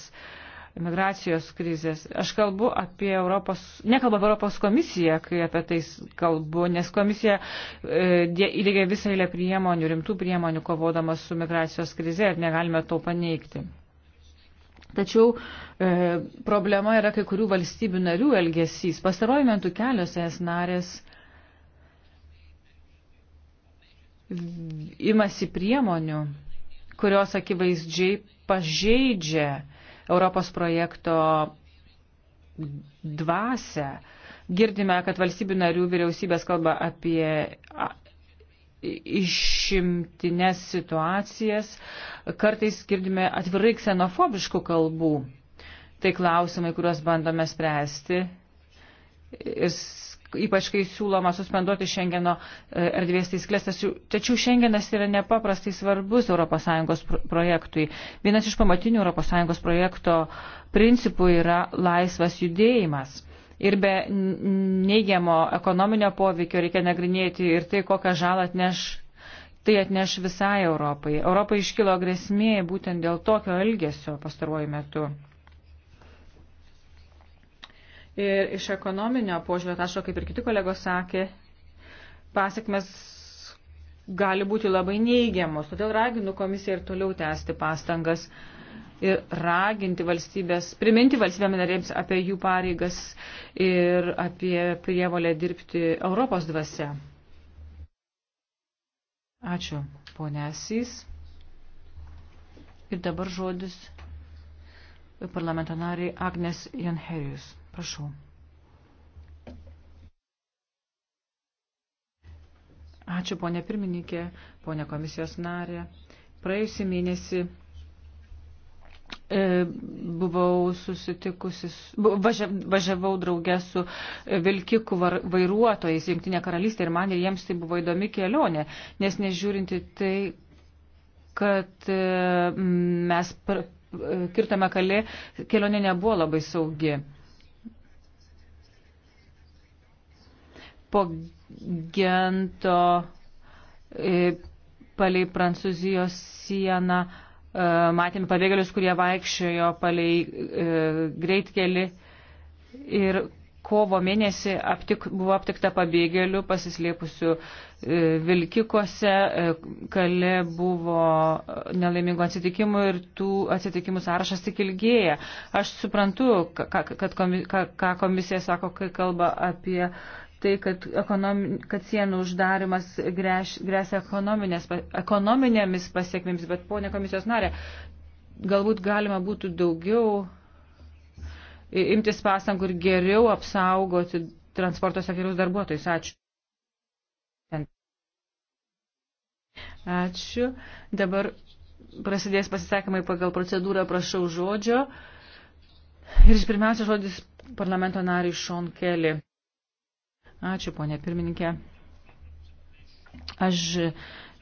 Speaker 2: migracijos krizės. Aš kalbu apie Europos, nekalbu apie Europos komisiją, kai apie tai kalbu, nes komisija e, įdėgė visą eilę priemonių, rimtų priemonių kovodama su migracijos krize ir negalime to paneigti. Tačiau e, problema yra kai kurių valstybių narių elgesys. Pastaruoju metu kelios es narės imasi priemonių, kurios akivaizdžiai pažeidžia Europos projekto dvasę. Girdime, kad valstybių narių vyriausybės kalba apie išimtinės situacijas, kartais girdime atvirai ksenofobiškų kalbų. Tai klausimai, kuriuos bandome spręsti ir ypač kai siūloma suspenduoti Šengeno e, erdvės taisyklės. Tačiau Šengenas yra nepaprastai svarbus ES projektui. Vienas iš pamatinių ES projekto principų yra laisvas judėjimas. Ir be neigiamo ekonominio poveikio reikia nagrinėti ir tai, kokią žalą atneš tai atneš visai Europai. Europai iškilo grėsmė būtent dėl tokio elgesio pastaruoju metu. Ir iš ekonominio požiūrio taško, kaip ir kiti kolegos sakė, pasiekmes gali būti labai neigiamos. Todėl raginu komisiją ir toliau tęsti pastangas ir raginti valstybės, priminti valstybėm narėms apie jų pareigas ir apie prievolę dirbti Europos dvasia. Ačiū, ponesys. Ir dabar žodis parlamento nariai Agnes Janherius. Prašau. Ačiū, ponė pirmininkė, ponė komisijos narė. Praėjusį mėnesį e, buvau susitikusi, važiavau draugę su e, Vilkikų vairuotojais Junktinė karalystė ir man ir jiems tai buvo įdomi kelionė, nes nežiūrinti tai, kad e, mes kirtame kalė, kelionė nebuvo labai saugi. po gento e, palei Prancūzijos sieną. E, matėme pabėgėlius, kurie vaikščiojo palei e, greitkeli ir kovo mėnesį aptik, buvo aptikta pabėgėlių pasislėpusių vilkikuose, kale buvo nelaimingų atsitikimų ir tų atsitikimų sąrašas tik ilgėja. Aš suprantu, ką komisija sako, kai kalba apie tai, kad, ekonomi, kad sienų uždarimas grėš, grėsia ekonominėmis pasiekmėmis, bet ponė komisijos narė, galbūt galima būtų daugiau imtis pastangų ir geriau apsaugoti transporto sektoriaus darbuotojus. Ačiū. Ačiū. Dabar prasidės pasisakymai pagal procedūrą, prašau žodžio. Ir pirmiausia žodis parlamento nariui Šon Kelly. Ačiū, ponė pirmininkė. Aš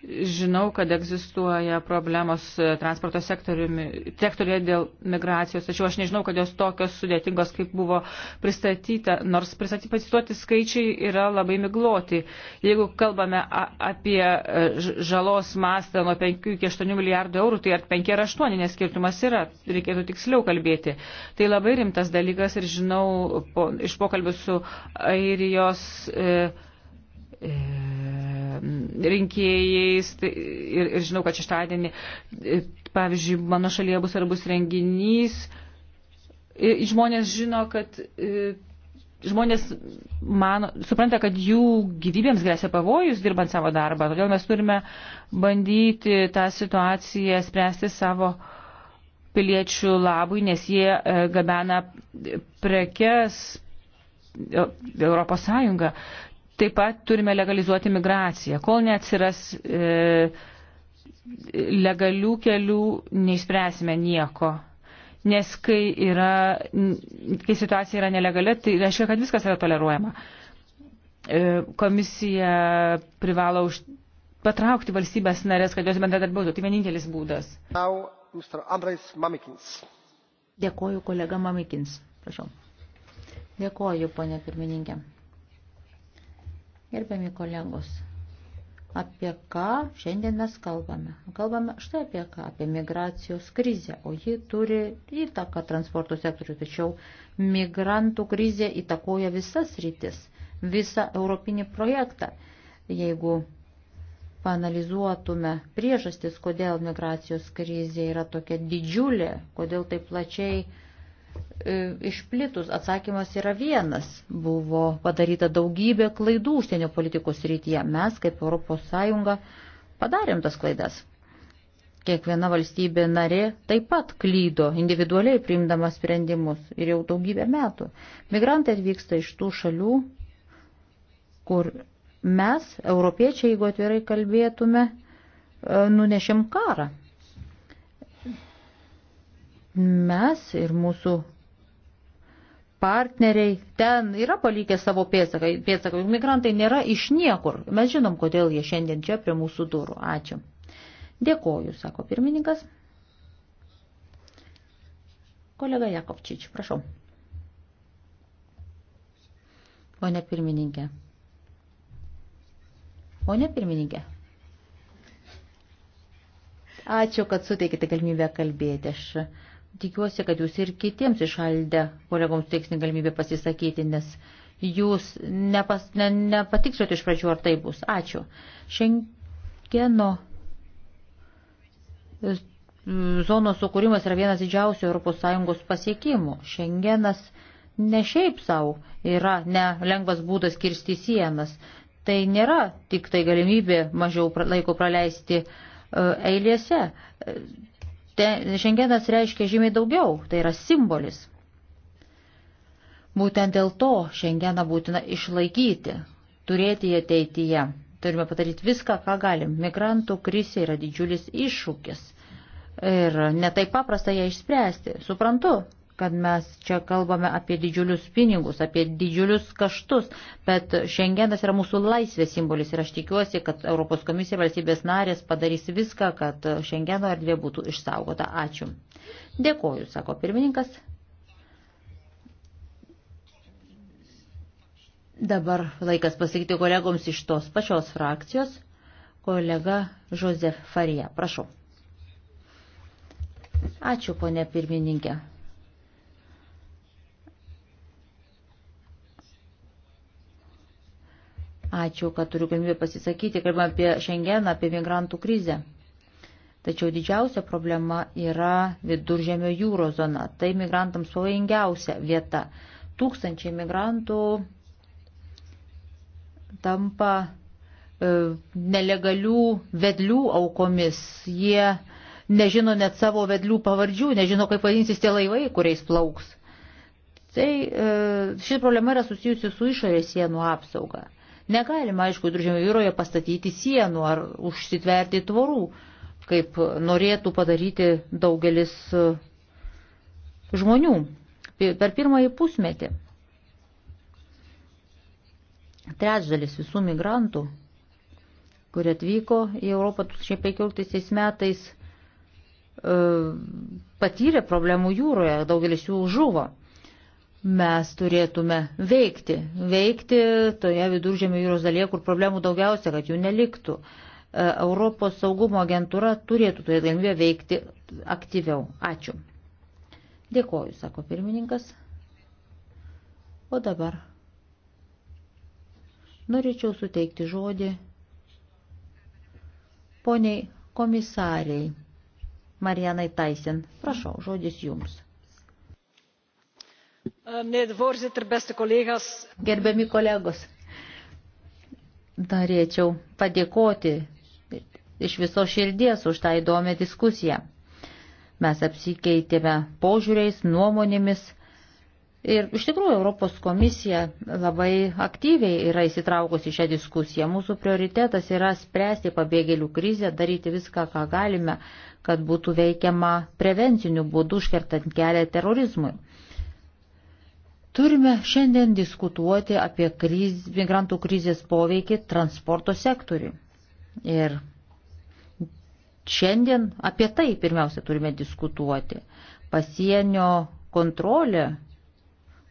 Speaker 2: Žinau, kad egzistuoja problemos e, transporto sektoriuje dėl migracijos, tačiau aš nežinau, kad jos tokios sudėtingos, kaip buvo pristatyta, nors pristatyti skaičiai yra labai migloti. Jeigu kalbame apie e, žalos mastą nuo 5 iki 8 milijardų eurų, tai ar 5 ar 8, nes skirtumas yra, reikėtų tiksliau kalbėti. Tai labai rimtas dalykas ir žinau po, iš pokalbių su Airijos. E, e, rinkėjais tai ir, ir žinau, kad šeštadienį, e, pavyzdžiui, mano šalyje bus svarbus renginys. Žmonės žino, kad e, žmonės mano, supranta, kad jų gyvybėms grėsia pavojus dirbant savo darbą. Todėl mes turime bandyti tą situaciją spręsti savo piliečių labui, nes jie e, gabena prekes Europos Sąjungą. Taip pat turime legalizuoti migraciją. Kol neatsiras e, legalių kelių, neišspręsime nieko. Nes kai, yra, kai situacija yra nelegali, tai reiškia, kad viskas yra toleruojama. E, komisija privalo už, patraukti valstybės narės, kad jos bendradarbiautų. Tai vienintelis būdas.
Speaker 1: Now, Dėkoju
Speaker 3: kolega Mamikins. Prašau. Dėkoju, ponė pirmininkė. Gerbiami kolegos, apie ką šiandien mes kalbame? Kalbame štai apie ką, apie migracijos krizę, o ji turi įtaką transporto sektoriu, tačiau migrantų krizė įtakoja visas rytis, visą europinį projektą. Jeigu panalizuotume priežastis, kodėl migracijos krizė yra tokia didžiulė, kodėl taip plačiai E, išplitus atsakymas yra vienas. Buvo padaryta daugybė klaidų užsienio politikos rytyje. Mes kaip ES padarėm tas klaidas. Kiekviena valstybė narė taip pat klydo individualiai priimdama sprendimus ir jau daugybę metų. Migrantai atvyksta iš tų šalių, kur mes, europiečiai, jeigu atvirai kalbėtume, e, nunešėm karą Mes ir mūsų partneriai ten yra palikę savo pėdsaką. Pėdsaką migrantai nėra iš niekur. Mes žinom, kodėl jie šiandien čia prie mūsų durų. Ačiū. Dėkoju, sako pirmininkas. Kolega Jakovčič, prašau. Pone pirmininkė. Pone pirmininkė. Ačiū, kad suteikite galimybę kalbėti. Aš tikiuosi, kad jūs ir kitiems išaldę kolegoms teiksim galimybę pasisakyti, nes jūs nepas, ne, nepatiksliot iš pradžių, ar tai bus. Ačiū. Šengeno e, zonos sukūrimas yra vienas didžiausių ES pasiekimų. Šengenas ne šiaip savo yra ne lengvas būdas kirsti sienas. Tai nėra tik tai galimybė mažiau laiko praleisti e, eilėse e, Šengenas reiškia žymiai daugiau, tai yra simbolis. Būtent dėl to šiandieną būtina išlaikyti, turėti jį ateityje. Turime padaryti viską, ką galim. Migrantų krisė yra didžiulis iššūkis. Ir netai paprasta ją išspręsti. Suprantu, kad mes čia kalbame apie didžiulius pinigus, apie didžiulius kaštus, bet šiandienas yra mūsų laisvės simbolis ir aš tikiuosi, kad Europos komisija valstybės narės padarys viską, kad šiandieno erdvė būtų išsaugota. Ačiū. Dėkoju, sako pirmininkas. Dabar laikas pasakyti kolegoms iš tos pačios frakcijos. Kolega Žozef Farija, prašau. Ačiū, ponė pirmininkė. Ačiū, kad turiu galimybę pasisakyti, kalbant apie šiandieną, apie migrantų krizę. Tačiau didžiausia problema yra viduržėmio jūros zona. Tai migrantams pavojingiausia vieta. Tūkstančiai migrantų tampa e, nelegalių vedlių aukomis. Jie nežino net savo vedlių pavardžių, nežino, kaip vadinsis tie laivai, kuriais plauks. Tai e, ši problema yra susijusi su išorės sienų apsauga. Negalima, aišku, viduržėmio jūroje pastatyti sienų ar užsitverti tvorų, kaip norėtų padaryti daugelis e, žmonių per pirmąjį pusmetį. Trečdalis visų migrantų, kurie atvyko į Europą 2015 metais, e, patyrė problemų jūroje, daugelis jų žuvo mes turėtume veikti. Veikti toje viduržėmio jūros dalyje, kur problemų daugiausia, kad jų neliktų. E, Europos saugumo agentūra turėtų turėti galimybę veikti aktyviau. Ačiū. Dėkoju, sako pirmininkas. O dabar norėčiau suteikti žodį poniai komisariai Marijanai Taisin. Prašau, žodis jums.
Speaker 2: Eh,
Speaker 3: Gerbiami kolegos, norėčiau padėkoti iš viso širdies už tą įdomią diskusiją. Mes apsikeitėme požiūriais, nuomonėmis ir iš tikrųjų Europos komisija labai aktyviai yra įsitraukusi šią diskusiją. Mūsų prioritetas yra spręsti pabėgėlių krizę, daryti viską, ką galime, kad būtų veikiama prevenciniu būdu užkertant kelią terorizmui. Turime šiandien diskutuoti apie kriz, migrantų krizės poveikį transporto sektoriui. Ir šiandien apie tai pirmiausia turime diskutuoti. Pasienio kontrolė,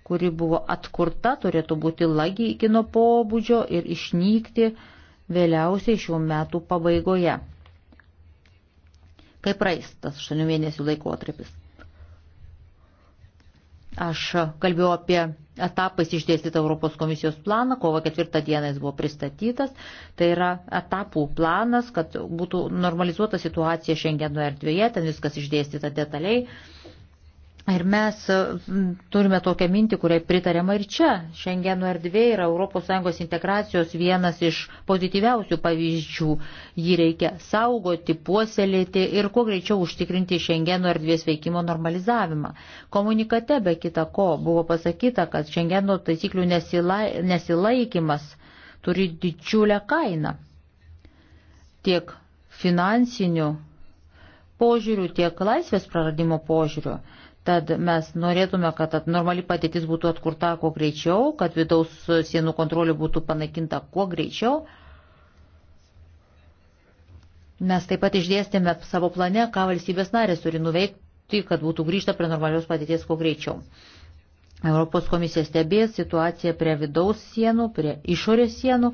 Speaker 3: kuri buvo atkurta, turėtų būti lagi iki nuo pobūdžio ir išnykti vėliausiai šių metų pabaigoje. Kaip praeis tas 8 mėnesių laikotarpis? Aš kalbėjau apie etapais išdėstytą Europos komisijos planą, kovo ketvirtą dieną jis buvo pristatytas. Tai yra etapų planas, kad būtų normalizuota situacija Šengeno erdvėje, ten viskas išdėstyta detaliai. Ir mes e, turime tokią mintį, kuriai pritarėma ir čia. Šengeno erdvė yra ES integracijos vienas iš pozityviausių pavyzdžių. Jį reikia saugoti, puoselėti ir kuo greičiau užtikrinti Šengeno erdvės veikimo normalizavimą. Komunikate be kita ko buvo pasakyta, kad Šengeno taisyklių nesila, nesilaikimas turi didžiulę kainą. Tiek finansinių požiūrių, tiek laisvės praradimo požiūrių. Tad mes norėtume, kad normali patėtis būtų atkurta kuo greičiau, kad vidaus sienų kontrolė būtų panaikinta kuo greičiau. Mes taip pat išdėstėme savo plane, ką valstybės narės turi nuveikti, kad būtų grįžta prie normalios padėties kuo greičiau. Europos komisija stebės situaciją prie vidaus sienų, prie išorės sienų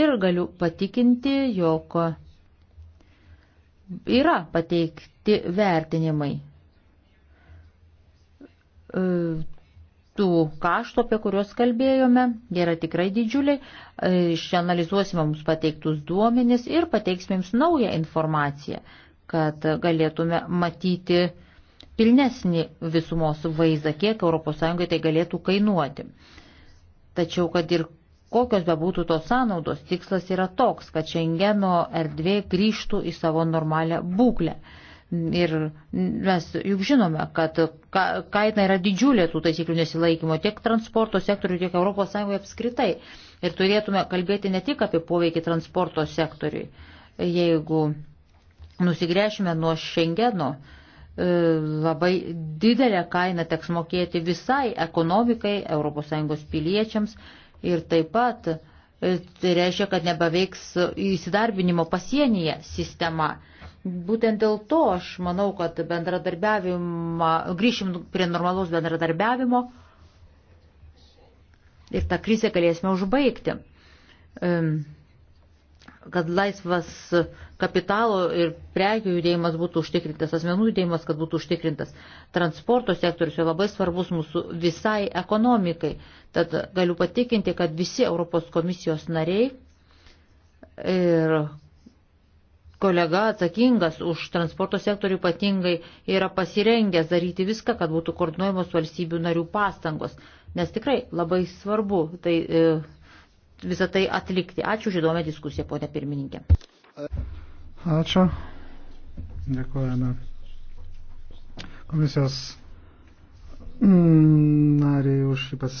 Speaker 3: ir galiu patikinti, jog yra pateikti vertinimai E, tų kaštų, apie kuriuos kalbėjome, jie yra tikrai didžiuliai. E, išanalizuosime mums pateiktus duomenis ir pateiksime jums naują informaciją, kad galėtume matyti pilnesnį visumos vaizdą, kiek ES tai galėtų kainuoti. Tačiau, kad ir kokios bebūtų tos sąnaudos, tikslas yra toks, kad Schengeno erdvė grįžtų į savo normalią būklę. Ir mes juk žinome, kad kaina yra didžiulė tų taisyklių nesilaikymo tiek transporto sektoriui, tiek ES apskritai. Ir turėtume kalbėti ne tik apie poveikį transporto sektoriui. Jeigu nusigręšime nuo Šengeno, e, labai didelę kainą teks mokėti visai ekonomikai, ES piliečiams ir taip pat e, tai reiškia, kad nebeveiks įsidarbinimo pasienyje sistema Būtent dėl to aš manau, kad bendradarbiavimą, grįšim prie normalaus bendradarbiavimo ir tą krizę galėsime užbaigti. Kad laisvas kapitalo ir prekių judėjimas būtų užtikrintas, asmenų judėjimas, kad būtų užtikrintas. Transporto sektorius yra labai svarbus mūsų visai ekonomikai. Tad galiu patikinti, kad visi Europos komisijos nariai ir kolega atsakingas už transporto sektorių ypatingai yra pasirengęs daryti viską, kad būtų koordinuojamos valstybių narių pastangos, nes tikrai labai svarbu tai, e, visą tai atlikti. Ačiū už įdomią diskusiją, ponė pirmininkė.
Speaker 1: Ačiū. Dėkojame. Komisijos mm, nariai už šį pasisakymą.